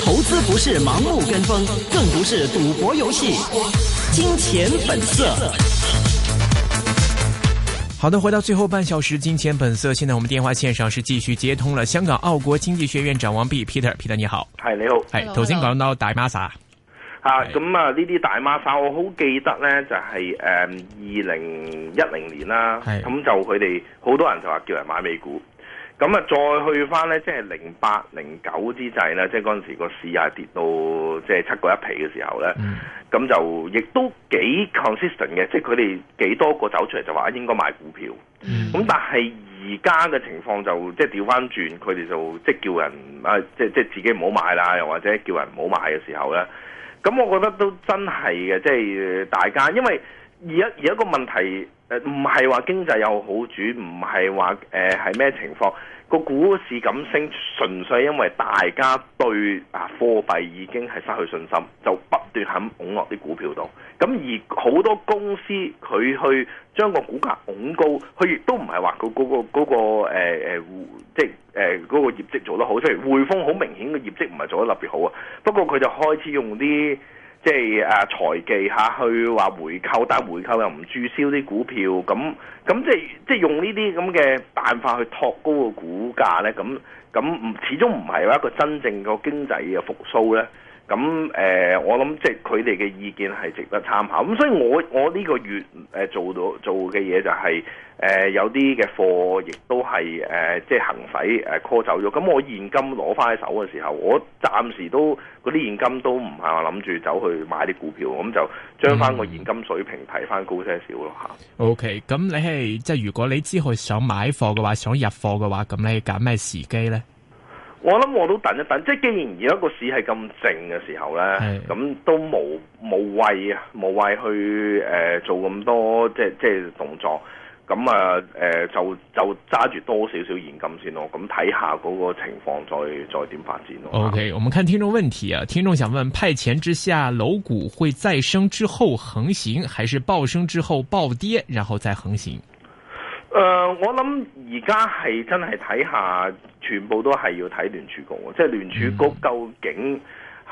投資不是盲目跟風，更不是賭博遊戲。金錢本色。好的，回到最後半小時，《金錢本色》。現在我們電話線上是繼續接通了。香港澳國經濟學院長王弼 Peter，Peter 你好。係你好。係頭先講到大孖沙啊，咁啊呢啲大孖沙，我好記得呢，就係誒二零一零年啦，咁就佢哋好多人就話叫人買美股。咁啊，再去翻咧，即係零八、零九之際咧，即係嗰陣時個市啊跌到即係七個一皮嘅時候咧，咁、mm. 就亦都幾 consistent 嘅，即係佢哋幾多個走出嚟就話應該買股票。咁、mm. 但係而家嘅情況就即係調翻轉，佢哋就即係叫人啊，即係即係自己唔好買啦，又或者叫人唔好買嘅時候咧，咁我覺得都真係嘅，即係大家因為而家而家個問題。誒，唔係話經濟有好轉，唔係話誒係咩情況，個股市咁升，純粹因為大家對啊貨幣已經係失去信心，就不斷喺拱落啲股票度。咁而好多公司佢去將個股價拱高，佢亦都唔係話佢嗰個嗰、嗰個誒誒、嗰個呃，即係誒嗰個業績做得好，例如匯豐好明顯嘅業績唔係做得特別好啊。不過佢就開始用啲。即係誒，財技下，啊，去話回購，但係回購又唔注銷啲股票，咁咁即係即係用呢啲咁嘅辦法去托高個股價咧，咁咁唔始終唔係話一個真正個經濟嘅復甦咧。咁誒、呃，我諗即係佢哋嘅意見係值得參考。咁所以我我呢個月誒做到做嘅嘢就係、是、誒、呃、有啲嘅貨亦都係誒、呃、即係行使誒 call 走咗。咁我現金攞翻喺手嘅時候，我暫時都嗰啲現金都唔係話諗住走去買啲股票，我咁就將翻個現金水平提翻高些少咯吓。O K，咁你係即係如果你之後想買貨嘅話，想入貨嘅話，咁你揀咩時機咧？我諗我都等一等，即係既然而家個市係咁靜嘅時候咧，咁是都冇冇謂冇謂去、呃、做咁多即係即係動作，咁啊、呃呃、就就揸住多少少現金先咯，咁睇下嗰個情況再再點發展咯。OK，我們看聽眾問題啊，聽眾想問：派錢之下，樓股會再升之後橫行，還是暴升之後暴跌，然後再橫行？誒，uh, 我諗而家係真係睇下，全部都係要睇聯儲局喎。即、就、係、係、聯儲局究竟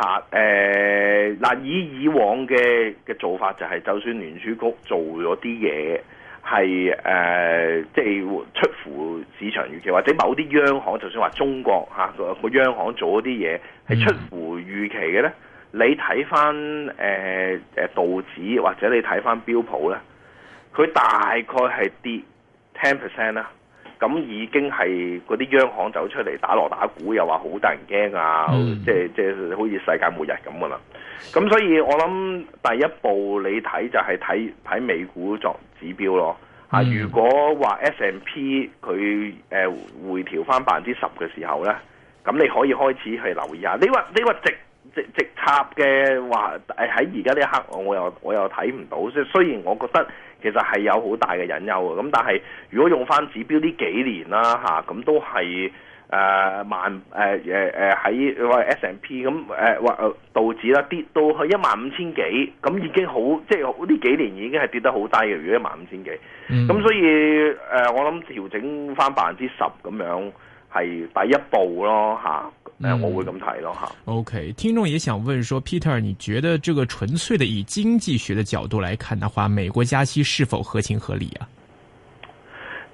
嚇誒嗱，以以往嘅嘅做法就係、係，就算聯儲局做咗啲嘢，係誒即係出乎市場預期，或者某啲央行，就算話中國嚇個、啊、央行做咗啲嘢係出乎預期嘅呢？Mm hmm. 你睇翻誒誒道指，或者你睇翻標普呢，佢大概係跌。ten percent 啦，咁已經係嗰啲央行走出嚟打鑼打鼓又、啊嗯，又話好得人驚啊！即係即係好似世界末日咁嘅啦。咁所以我諗第一步你睇就係睇睇美股作指標咯。啊，如果話 S&P 佢誒回調翻百分之十嘅時候咧，咁你可以開始去留意一下。你話你話直直，直插嘅話，誒喺而家呢一刻我，我又我又睇唔到。即係雖然我覺得。其實係有好大嘅隱憂嘅，咁但係如果用翻指標呢幾年啦嚇，咁都係誒、呃、萬誒誒誒喺 S and P 咁誒話道指啦跌到去一萬五千幾，咁已經好即係呢幾年已經係跌得好低嘅，如果一萬五千幾，咁所以誒、呃、我諗調整翻百分之十咁樣係第一步咯嚇。誒，嗯、我會咁睇咯吓。OK，聽眾也想問說，Peter，你覺得這個純粹的以經濟學的角度來看的話，美國加息是否合情合理啊？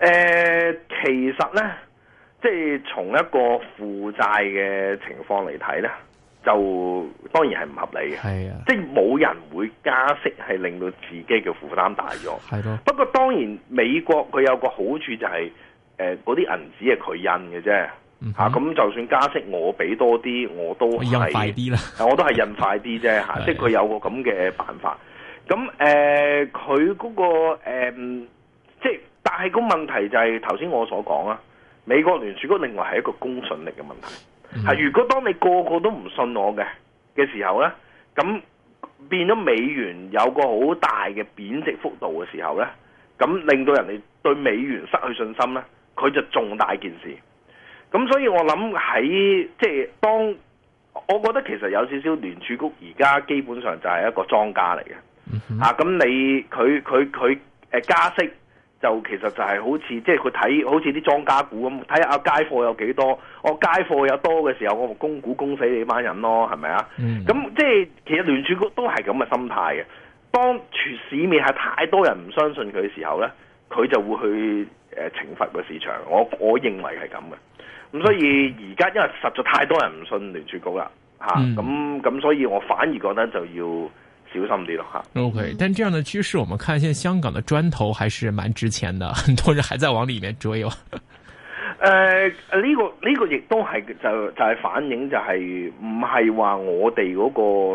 誒、呃，其實呢，即係從一個負債嘅情況嚟睇咧，就當然係唔合理嘅。係啊，即係冇人會加息係令到自己嘅負擔大咗。係咯的。不過當然，美國佢有個好處就係、是，誒、呃，嗰啲銀紙係佢印嘅啫。吓咁、mm hmm. 啊、就算加息，我俾多啲我都係印快啲啦，我都係 印快啲啫吓，啊、 對即係佢有個咁嘅辦法。咁誒，佢、呃那個誒、呃，即係但係個問題就係頭先我所講啊，美國聯儲局另外係一個公信力嘅問題。係、mm hmm. 如果當你個個都唔信我嘅嘅時候咧，咁變咗美元有個好大嘅貶值幅度嘅時候咧，咁令到人哋對美元失去信心咧，佢就重大件事。咁所以我，我諗喺即係當，我覺得其實有少少聯儲局而家基本上就係一個莊家嚟嘅。嗯、哼啊，咁你佢佢佢誒加息就其實就係好似即係佢睇，好似啲莊家股咁，睇下、啊、街貨有幾多。我街貨有多嘅、啊、時候，我供股供死你班人咯，係咪啊？咁、嗯、即係其實聯儲局都係咁嘅心態嘅。當全市面係太多人唔相信佢嘅時候咧，佢就會去誒懲罰個市場。我我認為係咁嘅。咁所以而家因為實在太多人唔信聯儲局啦，嚇咁咁所以我反而覺得就要小心啲咯，嚇。啊、o、okay, K，但係這樣的趨勢，我們看現在香港的磚頭還是蠻值錢的，很多人還在往裡面追喎。誒、呃、呢、這個呢、這個亦都係就就係、是、反映就係唔係話我哋嗰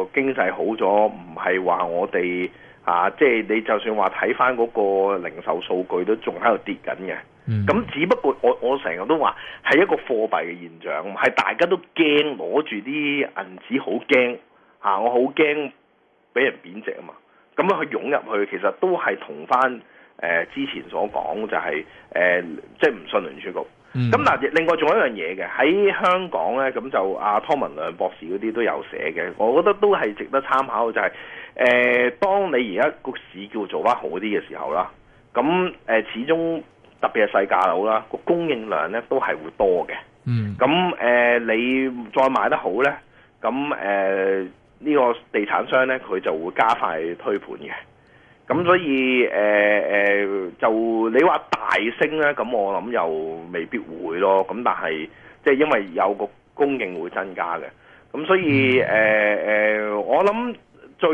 個經濟好咗，唔係話我哋啊，即、就、係、是、你就算話睇翻嗰個零售數據都仲喺度跌緊嘅。咁、嗯、只不過我我成日都話係一個貨幣嘅現象，係大家都驚攞住啲銀紙好驚我好驚俾人貶值啊嘛！咁樣去湧入去，其實都係同翻誒之前所講就係誒即係唔信聯儲局。咁嗱、嗯，另外仲有一樣嘢嘅喺香港咧，咁就阿湯、啊、文亮博士嗰啲都有寫嘅，我覺得都係值得參考嘅。就係、是、誒、呃，當你而家個市叫做得好啲嘅時候啦，咁誒、呃、始終。特別係細價樓啦，個供應量咧都係會多嘅。咁誒、嗯呃，你再賣得好咧，咁誒呢個地產商咧佢就會加快推盤嘅。咁所以誒誒、呃呃，就你話大升咧，咁我諗又未必會咯。咁但係即係因為有個供應會增加嘅。咁所以誒誒、嗯呃，我諗最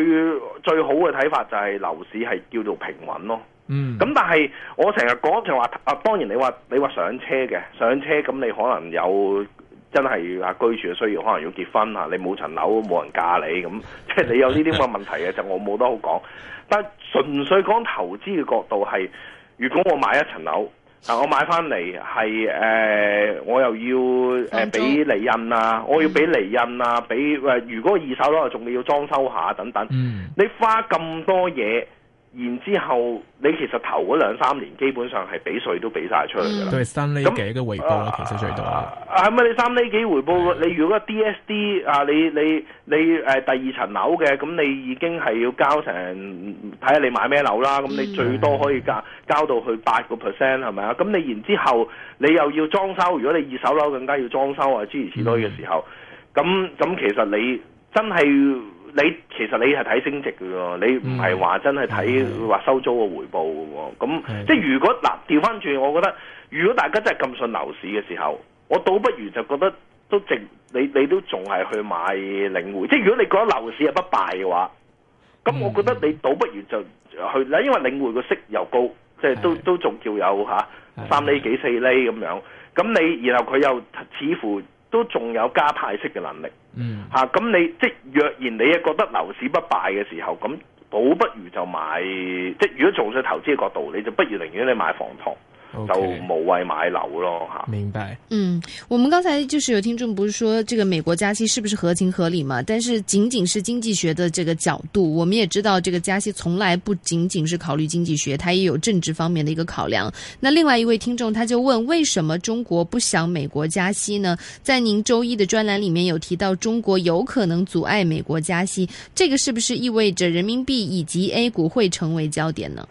最好嘅睇法就係樓市係叫做平穩咯。嗯，咁但係我成日講就話，啊當然你話你話上車嘅，上車，咁你可能有真係話居住嘅需要，可能要結婚吓，你冇層樓冇人嫁你咁，即係你有呢啲咁嘅問題嘅， 就我冇得好講。但係純粹講投資嘅角度係，如果我買一層樓，嗱我買翻嚟係誒，我又要誒俾釐印啊，我要俾釐印啊，俾誒、嗯呃、如果二手樓啊仲要裝修一下等等，嗯、你花咁多嘢。然之後，你其實頭嗰兩三年，基本上係俾稅都俾曬出嚟喇，都係三厘幾嘅回報啦，那啊、其實最多，啊。係咪你三厘幾回報？的你如果 DSD 啊，你你你，你第二層樓嘅，咁你已經係要交成，睇下你買咩樓啦。咁你最多可以交的交到去八個 percent 係咪啊？咁你然之後，你又要裝修，如果你二手樓更加要裝修啊，諸如此類嘅時候，咁咁的其實你真係～你其實你係睇升值嘅喎，你唔係話真係睇話收租嘅回報嘅喎。咁即係如果嗱，調翻轉，我覺得如果大家真係咁信樓市嘅時候，我倒不如就覺得都值你你都仲係去買領匯。即係如果你覺得樓市係不敗嘅話，咁我覺得你倒不如就去嗱，因為領匯個息又高，即係都都仲叫有嚇三厘幾四厘咁樣。咁你然後佢又似乎。都仲有加派息嘅能力，吓、嗯啊。咁你即係若然你係覺得樓市不敗嘅時候，咁倒不如就買。即係如果做嘅投資嘅角度，你就不如寧願你買房託。就無謂買樓咯哈，okay，明白。嗯，我們剛才就是有聽眾不是說這個美國加息是不是合情合理嘛？但是僅僅是經濟學的這個角度，我們也知道這個加息從來不僅僅是考慮經濟學，它也有政治方面的一個考量。那另外一位聽眾他就問，為什麼中國不想美國加息呢？在您周一的專欄裏面有提到中國有可能阻礙美國加息，這個是不是意味着人民幣以及 A 股會成為焦點呢？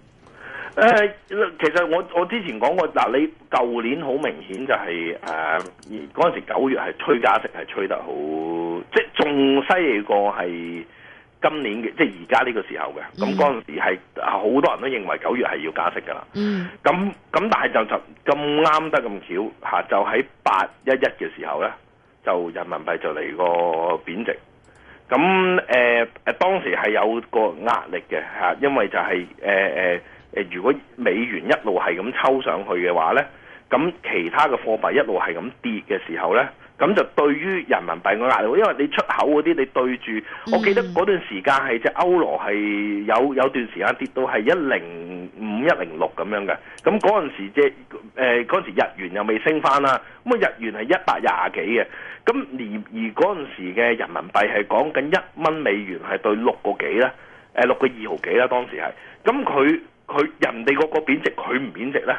誒、呃，其實我我之前講過嗱，你舊年好明顯就係、是、誒，嗰、呃、陣時九月係吹加息，係吹得好，即係仲犀利過係今年嘅，即係而家呢個時候嘅。咁嗰陣時係好多人都認為九月係要加息噶啦。嗯。咁咁但係就就咁啱得咁巧吓，就喺八一一嘅時候咧，就人民幣就嚟個貶值。咁誒誒，當時係有個壓力嘅吓，因為就係誒誒。呃如果美元一路係咁抽上去嘅話呢，咁其他嘅貨幣一路係咁跌嘅時候呢，咁就對於人民幣嘅壓力，因為你出口嗰啲你對住，我記得嗰段時間係隻歐羅係有有段時間跌到係一零五一零六咁樣嘅，咁嗰陣時即係，誒嗰陣時日元又未升翻啦，咁啊日元係一百廿幾嘅，咁而而嗰陣時嘅人民幣係講緊一蚊美元係對六個幾啦，誒六個二毫幾啦當時係，咁佢。佢人哋個個貶值，佢唔貶值咧，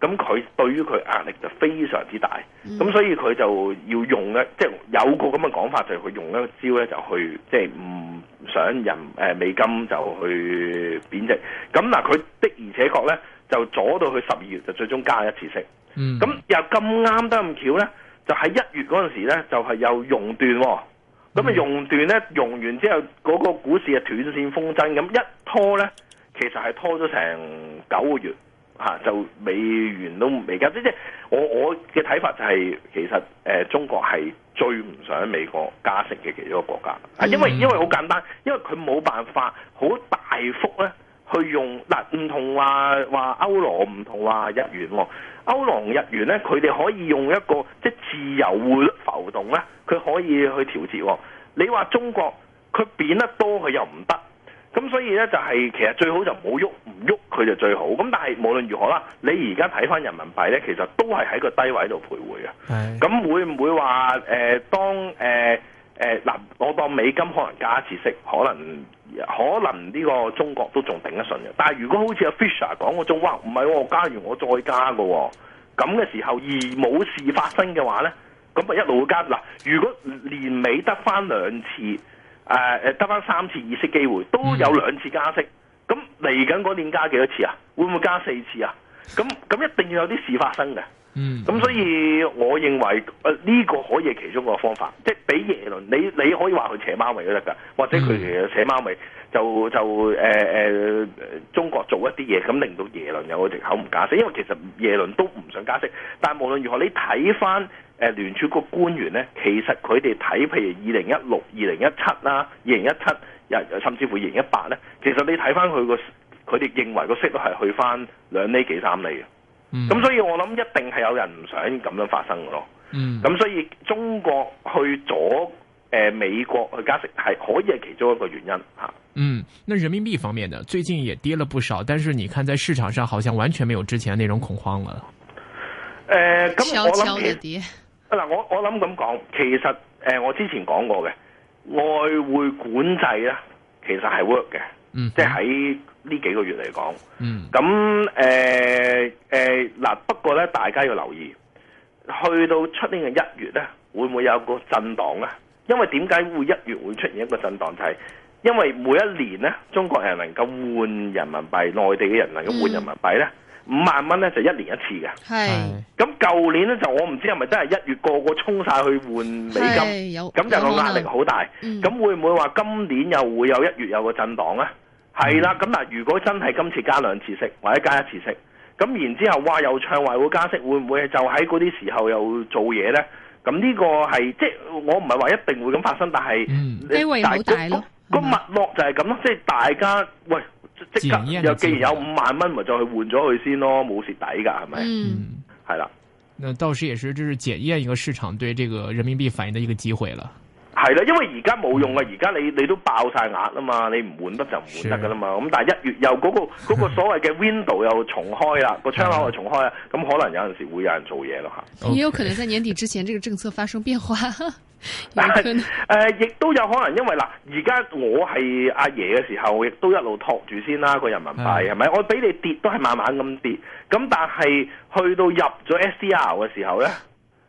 咁佢對於佢壓力就非常之大，咁、嗯、所以佢就要用咧，即、就、係、是、有個咁嘅講法就就，就係佢用一個招咧，就去即係唔想人、呃、美金就去貶值。咁嗱，佢的而且確咧，就阻到佢十二月就最終加一次息。咁、嗯、又咁啱得咁巧咧，就喺一月嗰陣時咧，就係、是、又熔斷、哦。咁啊熔斷咧，熔完之後嗰、那個股市啊斷線風箏，咁一拖咧。其實係拖咗成九個月，嚇、啊、就美元都未加。即、就、即、是、我我嘅睇法就係、是，其實誒、呃、中國係最唔想美國加息嘅其中一個國家。啊，因為因為好簡單，因為佢冇辦法好大幅咧去用。嗱、啊，唔同話話歐羅唔同話日元喎。歐羅日元咧，佢哋可以用一個即、就是、自由匯率浮動咧，佢可以去調節。你話中國，佢貶得多，佢又唔得。咁所以咧、就是，就係其實最好就唔好喐，唔喐佢就最好。咁但係無論如何啦，你而家睇翻人民幣咧，其實都係喺個低位度徘徊嘅。咁的會唔會話誒、呃？當誒誒嗱，我當美金可能加一次息，可能可能呢個中國都仲頂得順嘅。但係如果好似阿 Fisher 講嗰種哇，唔係、啊、我加完我再加喎、哦。咁嘅時候而冇事發生嘅話咧，咁咪一路會加嗱。如果年尾得翻兩次。誒誒得翻三次議息機會，都有兩次加息，咁嚟緊嗰年加幾多次啊？會唔會加四次啊？咁咁一定要有啲事發生嘅，嗯，咁所以我認為呢、呃這個可以係其中一個方法，即係俾耶倫，你你可以話佢扯貓尾都得㗎，或者佢其實扯貓尾就就誒、呃呃、中國做一啲嘢，咁令到耶倫有個藉口唔加息，因為其實耶倫都唔想加息，但係無論如何，你睇翻。誒、呃，聯儲局官員咧，其實佢哋睇，譬如二零一六、二零一七啦，二零一七又甚至乎二零一八咧，其實你睇翻佢個，佢哋認為個息率係去翻兩厘幾三厘嘅，咁、嗯、所以我諗一定係有人唔想咁樣發生嘅咯。咁、嗯、所以中國去左誒、呃、美國去加息係可以係其中一個原因吓。嗯，那人民幣方面呢，最近也跌了不少，但是你看在市場上好像完全沒有之前那種恐慌了。誒、呃，咁我諗嗱，我我諗咁講，其實誒，我之前講過嘅外匯管制咧，其實係 work 嘅，嗯，即係喺呢幾個月嚟講，嗯，咁誒誒，嗱，不過咧，大家要留意，去到出年嘅一月咧，會唔會有個震盪咧？因為點解會一月會出現一個震盪？就係因為每一年咧，中國人能夠換人民幣，內地嘅人能夠換人民幣咧。五萬蚊咧就一年一次嘅。係咁舊年咧就我唔知係咪真係一月個個衝晒去換美金，咁就個壓力好大。咁、嗯、會唔會話今年又會有一月有個震蕩咧？係啦、嗯，咁嗱，如果真係今次加兩次息或者加一次息，咁然之後話又唱話會加息，會唔會就喺嗰啲時候又做嘢咧？咁呢個係即係我唔係話一定會咁發生，但係機會好、嗯、是大咯，個脈絡就係咁咯，那吧即係大家喂。即刻又既然有五萬蚊，咪再去換咗佢先咯，冇蝕底噶，係咪？嗯，係啦吧。那到時也是，就是檢驗一個市場對這個人民幣反應的一個機會啦。係啦，因為而家冇用啊，而家你你都爆晒額啦嘛，你唔換得就唔換得噶啦嘛。咁但係一月又嗰個嗰個所謂嘅 window 又重開啦，個 窗口又重開啦，咁可能有陣時會有人做嘢咯吓，也有可能在年底之前，這個政策發生變化。但係誒，亦、呃、都有可能，因為嗱，而家我係阿爺嘅時候，亦都一路托住先啦個人民幣，係咪的？我俾你跌都係慢慢咁跌，咁但係去到入咗 SDR 嘅時候咧，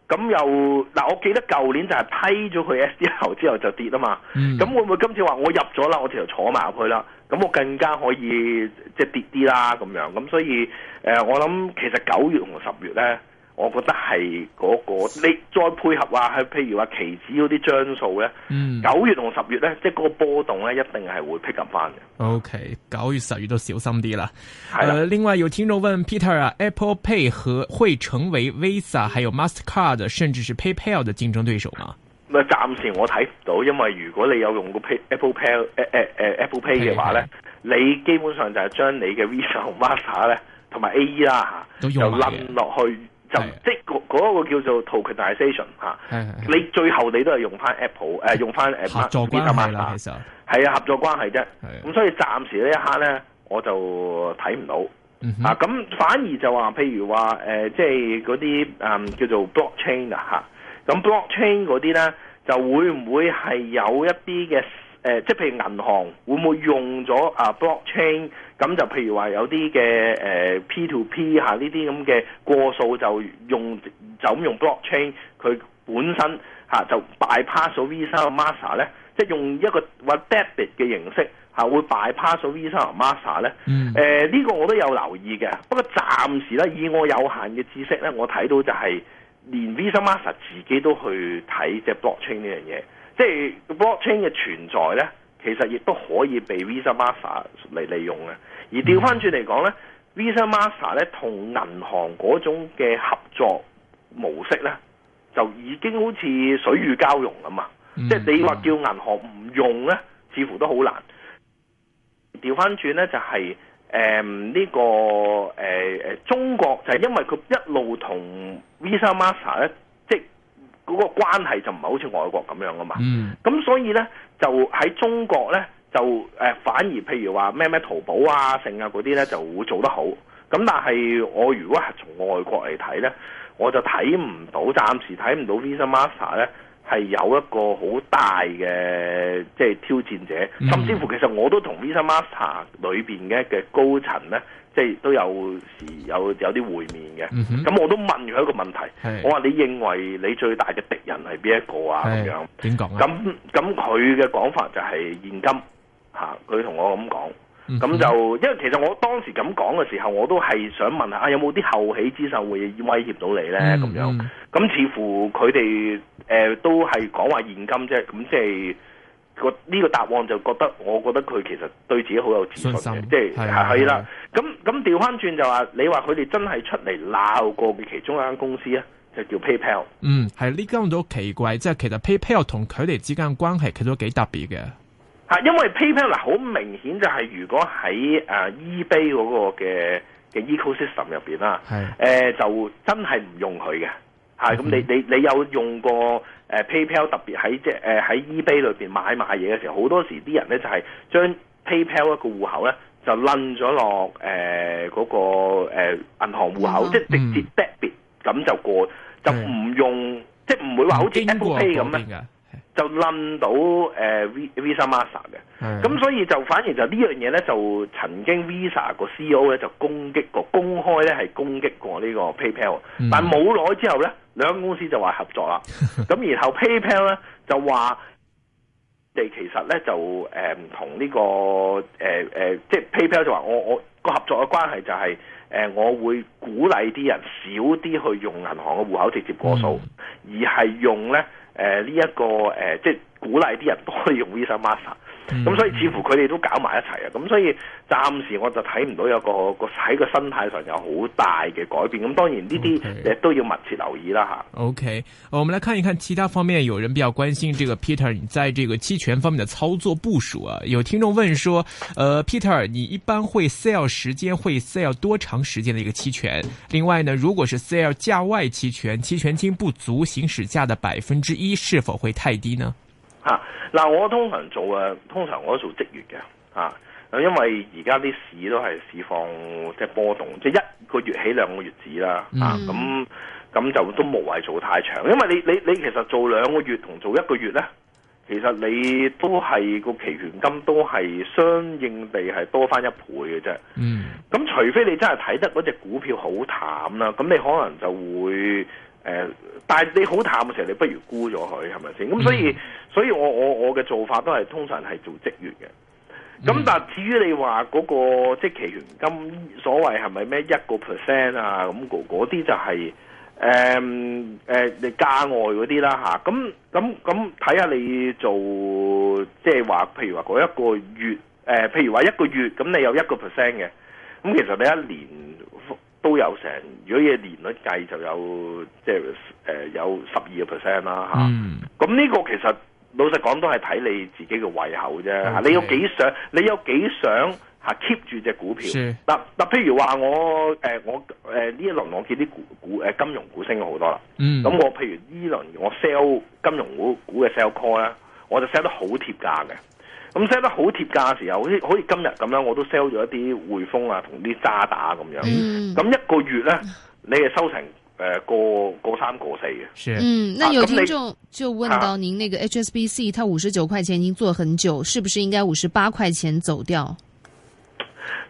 咁又嗱，我記得舊年就係批咗佢 SDR 之後就跌啊嘛，咁、嗯、會唔會今次話我入咗啦，我直頭坐埋入去啦，咁我更加可以即係、就是、跌啲啦咁樣，咁所以誒、呃，我諗其實九月同十月咧。我覺得係嗰、那個你再配合話、啊、係譬如話期指嗰啲張數咧，九、嗯、月同十月咧，即係嗰個波動咧，一定係會 pick up 翻嘅。OK，九月十月都小心啲啦。誒、呃，的另外有聽眾問 Peter 啊，Apple Pay 和會成為 Visa、還有 Master Card 甚至是 PayPal 的競爭對手嗎？咪暫時我睇唔到，因為如果你有用過 Apple Pay、啊啊啊啊、Apple Pay 嘅話咧，是是你基本上就係將你嘅 Visa 同 Master 咧同埋 AE 啦都用冧落去。即係嗰個叫做 tokenization 你最後你都係用翻 Apple 誒、呃，用翻 apple 合作關係啦，其實係啊合作關係啫。咁的所以暫時呢一刻咧，我就睇唔到、嗯、哼啊。咁反而就話，譬如話、呃、即係嗰啲叫做 blockchain 啊咁 blockchain 嗰啲咧，就會唔會係有一啲嘅、呃、即係譬如銀行會唔會用咗啊 blockchain？咁就譬如話有啲嘅誒 P to P 嚇呢啲咁嘅過數就用就咁用 blockchain，佢本身嚇、啊、就 bypass Visa、Master 咧，即係用一個或 debit 嘅形式嚇、啊、會 bypass Visa 同 Master 咧。誒呢、嗯呃呢個我都有留意嘅，不過暫時咧以我有限嘅知識咧，我睇到就係連 Visa、Master 自己都去睇即係 blockchain 呢樣嘢，即係 blockchain 嘅存在咧。其實亦都可以被 Visa Master 來來、mm. Visa Master 嚟利用嘅，而調翻轉嚟講呢 Visa Master 咧同銀行嗰種嘅合作模式呢，就已經好似水乳交融咁嘛。即係你話叫銀行唔用呢，似乎都好難。調翻轉呢就係誒呢個誒誒、呃、中國就係因為佢一路同 Visa Master 咧，即係嗰個關係就唔係好似外國咁樣噶嘛。咁、mm. 所以呢。就喺中國咧，就、呃、反而譬如話咩咩淘寶啊、盛啊嗰啲咧就會做得好。咁但係我如果係從外國嚟睇咧，我就睇唔到，暫時睇唔到 Visa Master 咧係有一個好大嘅即係挑戰者。甚至乎其實我都同 Visa Master 裏面嘅嘅高層咧。即係都有時有有啲會面嘅，咁我都問佢一個問題，我話你認為你最大嘅敵人係邊一個啊？咁樣點講咧？咁咁佢嘅講法就係現金吓，佢同我咁講，咁就因為其實我當時咁講嘅時候，我都係想問下啊，有冇啲後起之秀會威脅到你咧？咁樣咁似乎佢哋誒都係講話現金啫，咁即係。個呢個答案就覺得，我覺得佢其實對自己好有自信嘅心，即係係啦。咁咁調翻轉就話，你話佢哋真係出嚟鬧過嘅其中一間公司咧，就叫 PayPal。嗯，係呢間都奇怪，即係其實 PayPal 同佢哋之間關係，其實都幾特別嘅、呃的呃。啊，因為 PayPal 嗱，好明顯就係如果喺誒 eBay 嗰個嘅嘅 ecosystem 入邊啦，係誒就真係唔用佢嘅。吓咁，你你你有用過？誒、呃、PayPal 特別喺即係喺 eBay 裏面買賣嘢嘅時候，好多時啲人咧就係、是、將 PayPal 一、呃那個戶口咧就冧咗落誒嗰個銀銀行戶口，嗯、即係直接 debit 咁、嗯、就過，就唔用，是即係唔會話好似 Apple Pay 咁咧，樣呢的就冧到、呃、Visa Master 嘅。咁的所以就反而就呢樣嘢咧，就曾經 Visa 個 CEO 咧就攻擊過公開咧係攻擊過呢個 PayPal、嗯、但冇耐之後咧。兩間公司就話合作啦，咁 然後 PayPal 咧就話，誒其實咧就唔同呢個、呃、即係 PayPal 就話我我個合作嘅關係就係、是呃、我會鼓勵啲人少啲去用銀行嘅戶口直接過數，嗯、而係用咧誒呢一個、呃、即係鼓勵啲人都可以用 Visa Master。咁、嗯、所以似乎佢哋都搞埋一齊啊！咁所以暫時我就睇唔到有個個喺個生態上有好大嘅改變。咁當然呢啲都要密切留意啦吓。OK，我們來看一看其他方面，有人比較關心這個 Peter，你在這個期權方面的操作部署啊？有聽眾問說，呃，Peter，你一般會 sell 時間會 sell 多長時間的一個期權？另外呢，如果是 sell 價外期權，期權金不足行使價的百分之一，是否會太低呢？嚇！嗱、啊，我通常做誒，通常我都做即月嘅，啊，因為而家啲市都係市況即係、就是、波動，即、就、係、是、一個月起兩個月止啦，啊，咁咁就都無謂做太長，因為你你你其實做兩個月同做一個月咧，其實你都係個期權金都係相應地係多返一倍嘅啫。嗯。咁除非你真係睇得嗰隻股票好淡啦，咁你可能就會。誒、呃，但係你好淡嘅時候，你不如沽咗佢，係咪先？咁所以，所以我我我嘅做法都係通常係做積元嘅。咁但係至於你話嗰、嗰個即期權金，所謂係咪咩一個 percent 啊？咁嗰啲就係誒誒，你價外嗰啲啦吓，咁咁咁睇下你做即係話，譬如話嗰一個月，誒、呃、譬如話一個月，咁你有一個 percent 嘅。咁其實你一年，都有成，如果以年率計就有即係誒有十二個 percent 啦嚇。咁呢、mm. 啊、個其實老實講都係睇你自己嘅胃口啫。Okay. 你有幾想，你有幾想嚇、啊、keep 住隻股票，嗱嗱是，譬如話我誒、呃、我誒呢、呃、一輪我見啲股股誒金融股升咗好多啦。咁、mm. 我譬如呢輪我 sell 金融股股嘅 sell call 咧，我就 sell 得好貼價嘅。咁 sell 得好貼價嘅時候，好似好似今日咁樣我都 sell 咗一啲匯豐啊，同啲渣打咁樣。咁、嗯、一個月咧，你係收成誒過、呃、三過四嘅。嗯，有聽眾就問到您那個 HSBC，佢五十九塊錢已經做很久，是不是應該五十八塊錢走掉？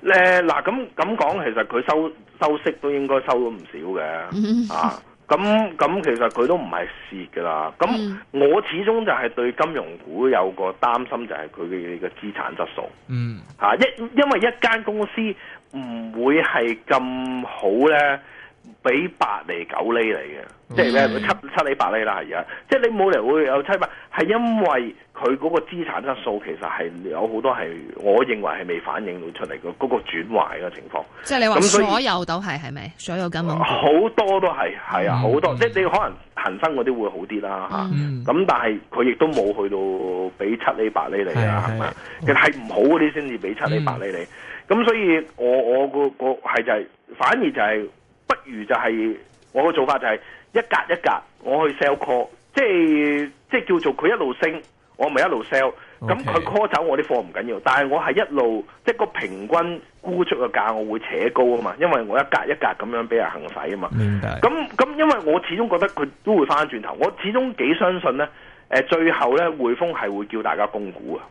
誒嗱、嗯，咁咁講，其實佢收收息都應該收咗唔少嘅啊。咁咁，其實佢都唔係蝕噶啦。咁我始終就係對金融股有個擔心，就係佢嘅個資產質素。嗯，吓，一因為一間公司唔會係咁好咧。俾八厘九厘嚟嘅，即係咧七七厘八厘啦，而家即係你冇理由會有七八，係因為佢嗰個資產質素其實係有好多係，我認為係未反映到出嚟嘅嗰個轉壞嘅情況。即係你話所，所有都係係咪？所有金融好多都係係啊，好、嗯、多、嗯、即係你可能恒生嗰啲會好啲啦吓。咁、嗯啊、但係佢亦都冇去到俾七厘八厘嚟啦，係其實係唔好嗰啲先至俾七厘八厘嚟。咁、嗯、所以我我個個係就係、是、反而就係、是。不如就係我個做法就係一格一格，我去 sell call，即係即係叫做佢一路升，我咪一路 sell。咁佢 call 走我啲貨唔緊要，但係我係一路即係、即係、個平均沽出嘅價，我會扯高啊嘛，因為我一格一格咁樣俾人行使啊嘛。咁咁白因為我始終覺得佢都會翻轉頭，我始終幾相信呢，最後呢，匯豐係會叫大家供股啊。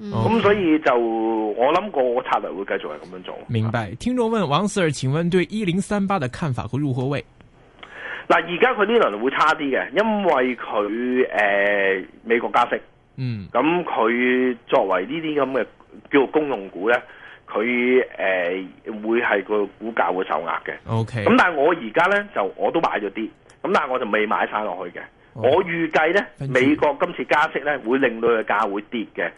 咁、嗯、所以就我諗過，我策略會繼續係咁樣做。明白，聽眾問王 Sir，請問對一零三八嘅看法和入貨位？嗱，而家佢呢輪會差啲嘅，因為佢誒、呃、美國加息，嗯，咁佢作為呢啲咁嘅叫做公用股咧，佢誒、呃、會係個股價會受壓嘅。OK，咁但係我而家咧，就我都買咗啲，咁但係我就未買晒落去嘅。哦、我預計咧，嗯，美國今次加息咧，會令到佢價會跌嘅。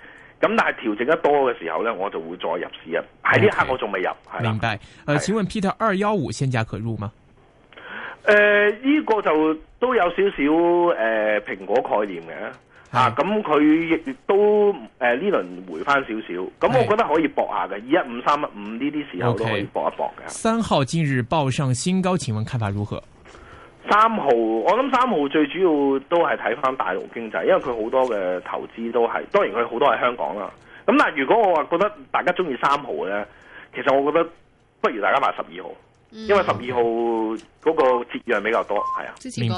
咁但係調整得多嘅時候咧，我就會再入市啊！喺呢 Okay, 刻我仲未入，明白。呃，的請問 Peter 二幺五現價可入嗎？誒、呢、呃這個就都有少少誒、呃、蘋果概念嘅的啊，咁佢亦都誒呢輪回翻少少，咁、嗯、的我覺得可以搏下嘅，二一五三一五呢啲時候 okay, 都可以搏一搏嘅。三號今日報上新高，請問看法如何？三號，我諗三號最主要都係睇翻大陸經濟，因為佢好多嘅投資都係，當然佢好多係香港啦。咁但係如果我話覺得大家中意三號咧，其實我覺得不如大家買十二號，因為十二號嗰個折讓比較多，係啊，明白。